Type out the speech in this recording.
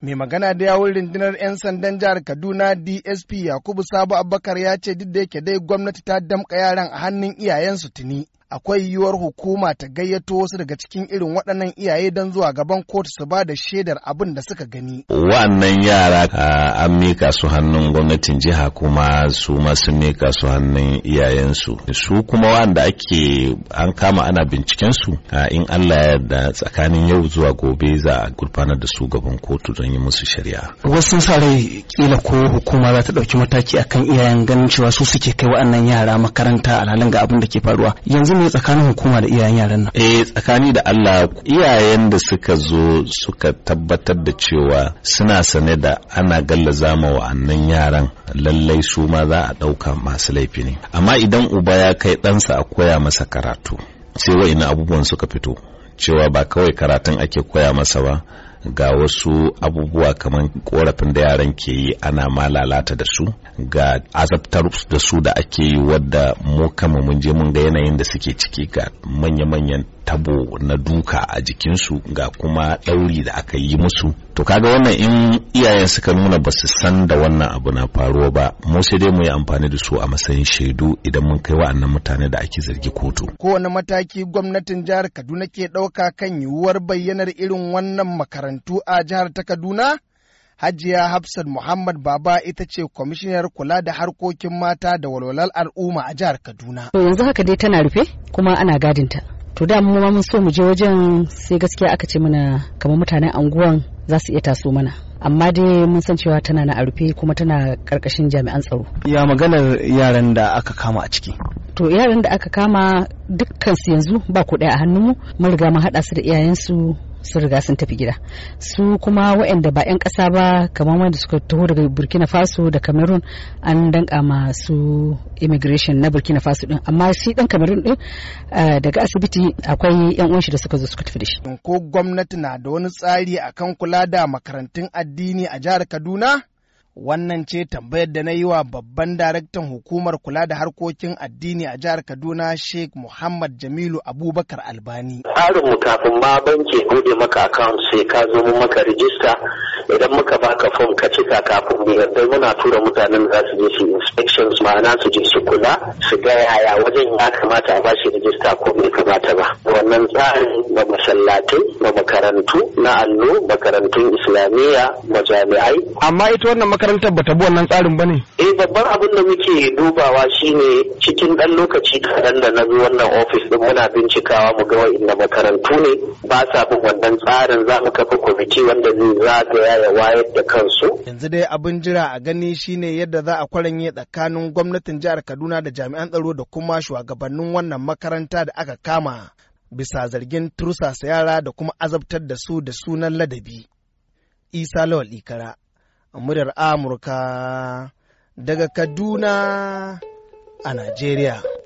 Mai magana da yawun rundunar 'yan sandan jihar Kaduna DSP Yakubu Sabo Abubakar ya ce duk da yake dai gwamnati ta damƙa yaran a hannun iyayensu tuni. akwai yiwuwar hukuma ta gayyato wasu daga cikin irin waɗannan iyaye don zuwa gaban kotu su ba da shaidar abin da suka gani. Wannan yara an mika su hannun gwamnatin jiha kuma su ma sun mika su hannun iyayensu. Su kuma wanda ake an kama ana binciken su in Allah ya yarda tsakanin yau zuwa gobe za a gurfanar da su gaban kotu don yi musu shari'a. Wasu sarai watakila ko hukuma za ta ɗauki mataki akan iyayen ganin cewa su suke kai wa'annan yara makaranta a halin ga abin da ke faruwa yanzu ne tsakanin hukuma da iyayen yaran nan eh tsakani da Allah iyayen da suka zo suka tabbatar da cewa suna sane da ana gallaza ma wa'annan yaran lallai su ma za a ɗauka masu laifi ne amma idan uba ya kai ɗansa a koya masa karatu sai wa'ina abubuwan suka fito cewa ba kawai karatun ake koya masa ba ga wasu abubuwa kamar korafin da yaran ke yi ana ma lalata da su ga azabtar da su da ake yi wadda mu kama mun je mun ga yanayin da suke ciki ga manya-manyan tabo na duka a jikinsu ga kuma ɗauri da aka yi musu to kaga wannan in iyayen suka nuna ba su san da wannan abu na faruwa ba mu sai dai mu yi amfani da su a matsayin shaidu idan mun kai wa'annan mutane da ake zargi kotu kowane mataki gwamnatin jihar kaduna ke ɗauka kan yiwuwar bayyanar irin wannan makarantu a jihar ta kaduna Hajiya Hafsat Muhammad Baba ita ce kwamishinar kula da harkokin mata da walwalar al'umma a jihar Kaduna. yanzu haka dai tana rufe kuma ana gadinta. to da mu ma mun so mu je wajen sai gaskiya aka ce mana kamar mutanen anguwan za su iya taso mana amma dai mun san cewa tana na a rufe kuma tana karkashin jami'an tsaro ya maganar yaran da aka kama a ciki to yaran da aka kama dukkan su yanzu ba ku daya a hannunmu mun riga mun haɗa su da iyayensu sun riga sun tafi gida su kuma waɗanda ba 'yan ƙasa ba kamar wanda suka taho daga burkina faso da cameroon an danka masu immigration na burkina faso din amma shi dan cameroon din eh, daga asibiti akwai 'yan uwanshi da suka zo suka tafi da shi ko gwamnati na da wani tsari akan kula da makarantun addini a jihar kaduna Wannan ce tambayar da na yi wa babban daraktan hukumar kula da harkokin addini a jihar Kaduna Sheikh Muhammad Jamilu Abubakar Albani. mu kafin ma banki gode maka account sai ka zo mu maka rijista idan muka baka fom ka cika kafin mu yadda muna tura mutanen za su je su inspections ma'ana su je su kula su ga yaya wajen ya kamata a bashi rijista ko bai kamata ba. wannan tsari ga masallatai ga makarantu na allo makarantun islamiyya jami'ai. amma ita wannan makarantar bata bi wannan tsarin ba ne eh babban abin da muke dubawa shine cikin ɗan lokaci kaɗan da na wannan ofis ɗin muna bincikawa mu ga wa'inda makarantu ne ba sa bin wannan tsarin za mu kafa kwamiti wanda zai zagaya ya wayar da kansu yanzu dai abin jira a gani shine yadda za a kwaranye tsakanin gwamnatin jihar Kaduna da jami'an tsaro da kuma shugabannin wannan makaranta da aka kama bisa zargin tursasa yara da kuma azabtar da su da sunan ladabi. Isa Lawal Ikara, muryar Amurka daga Kaduna a Najeriya.